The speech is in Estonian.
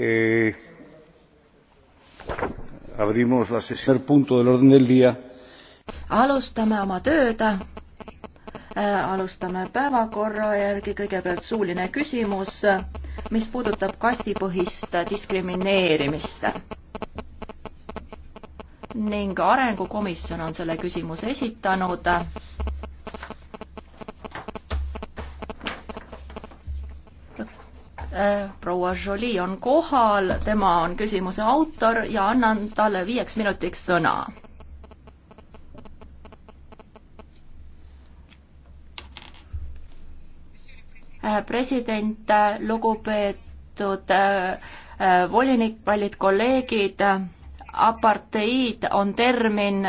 Eh, abrimos la sesión. punto del orden del día. alustame oma tööd. Eh, alustame päevakorra järgi kõigepealt suuline küsimus, mis puudutab kastipõhist diskrimineerimist. ning arengukomisjon on selle küsimuse esitanud Äh, proua Jolie on kohal, tema on küsimuse autor ja annan talle viieks minutiks sõna. Äh, president, äh, lugupeetud volinik, kallid kolleegid, apartheid on termin,